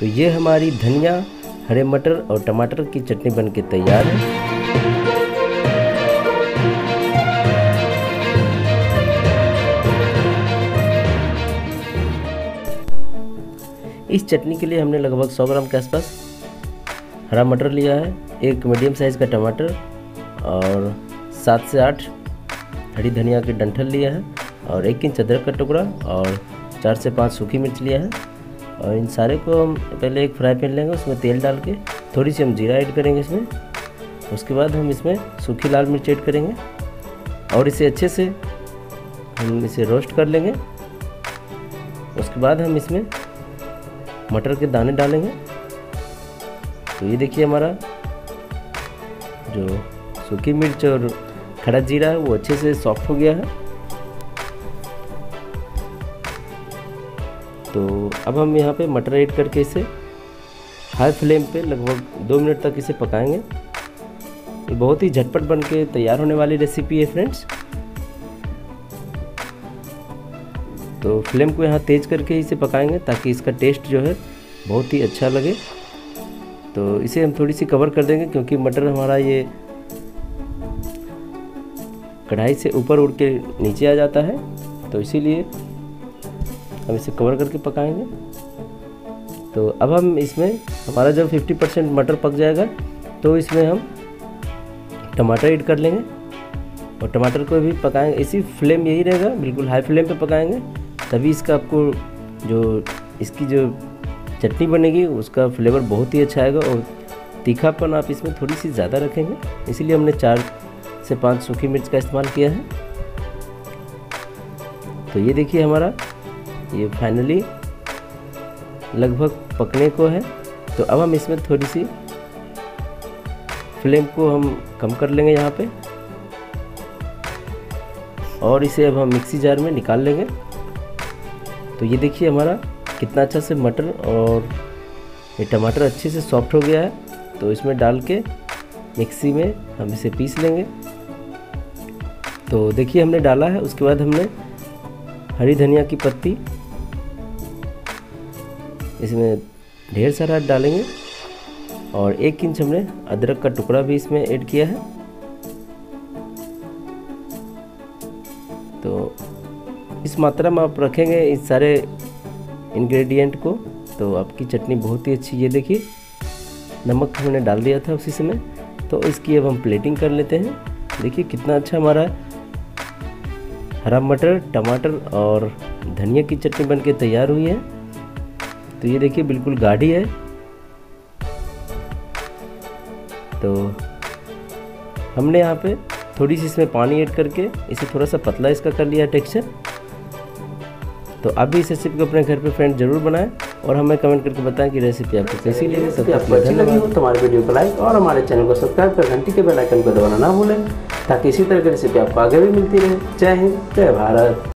तो ये हमारी धनिया हरे मटर और टमाटर की चटनी बन के तैयार है इस चटनी के लिए हमने लगभग 100 ग्राम के आसपास हरा मटर लिया है एक मीडियम साइज़ का टमाटर और सात से आठ हरी धनिया के डंठल लिया है और एक इंच अदरक का टुकड़ा और चार से पाँच सूखी मिर्च लिया है और इन सारे को हम पहले एक फ्राई पैन लेंगे उसमें तेल डाल के थोड़ी सी हम जीरा ऐड करेंगे इसमें उसके बाद हम इसमें सूखी लाल मिर्च ऐड करेंगे और इसे अच्छे से हम इसे रोस्ट कर लेंगे उसके बाद हम इसमें मटर के दाने डालेंगे तो ये देखिए हमारा जो सूखी मिर्च और खड़ा जीरा है वो अच्छे से सॉफ्ट हो गया है तो अब हम यहाँ पे मटर ऐड करके इसे हाई फ्लेम पे लगभग दो मिनट तक इसे पकाएंगे ये बहुत ही झटपट बन के तैयार होने वाली रेसिपी है फ्रेंड्स तो फ्लेम को यहाँ तेज़ करके इसे पकाएंगे ताकि इसका टेस्ट जो है बहुत ही अच्छा लगे तो इसे हम थोड़ी सी कवर कर देंगे क्योंकि मटर हमारा ये कढ़ाई से ऊपर उड़ के नीचे आ जाता है तो इसीलिए हम इसे कवर करके पकाएंगे तो अब हम इसमें हमारा जब 50 परसेंट मटर पक जाएगा तो इसमें हम टमाटर ऐड कर लेंगे और टमाटर को भी पकाएंगे इसी फ्लेम यही रहेगा बिल्कुल हाई फ्लेम पे पकाएंगे तभी इसका आपको जो इसकी जो चटनी बनेगी उसका फ्लेवर बहुत ही अच्छा आएगा और तीखापन आप इसमें थोड़ी सी ज़्यादा रखेंगे इसीलिए हमने चार से पाँच सूखी मिर्च का इस्तेमाल किया है तो ये देखिए हमारा ये फाइनली लगभग पकने को है तो अब हम इसमें थोड़ी सी फ्लेम को हम कम कर लेंगे यहाँ पे और इसे अब हम मिक्सी जार में निकाल लेंगे तो ये देखिए हमारा कितना अच्छा से मटर और ये टमाटर अच्छे से सॉफ्ट हो गया है तो इसमें डाल के मिक्सी में हम इसे पीस लेंगे तो देखिए हमने डाला है उसके बाद हमने हरी धनिया की पत्ती इसमें ढेर सारा डालेंगे और एक इंच हमने अदरक का टुकड़ा भी इसमें ऐड किया है तो इस मात्रा में आप रखेंगे इस सारे इंग्रेडिएंट को तो आपकी चटनी बहुत ही अच्छी ये देखिए नमक हमने डाल दिया था उसी समय तो इसकी अब हम प्लेटिंग कर लेते हैं देखिए कितना अच्छा हमारा हरा मटर टमाटर और धनिया की चटनी बनके तैयार हुई है तो ये देखिए बिल्कुल गाढ़ी है तो हमने यहाँ पे थोड़ी सी इसमें पानी ऐड करके इसे थोड़ा सा पतला इसका कर लिया टेक्सचर तो आप भी इस रेसिपी को अपने घर पे फ्रेंड जरूर बनाएं और हमें कमेंट करके बताएं कि रेसिपी आपको कैसी लगी तब तक अच्छी लगी हो तो हमारे वीडियो को लाइक और हमारे चैनल को सब्सक्राइब कर घंटी के बेल आइकन को दबाना ना भूलें ताकि इसी तरह की रेसिपी आपको आगे भी मिलती रहे जय हिंद जय भारत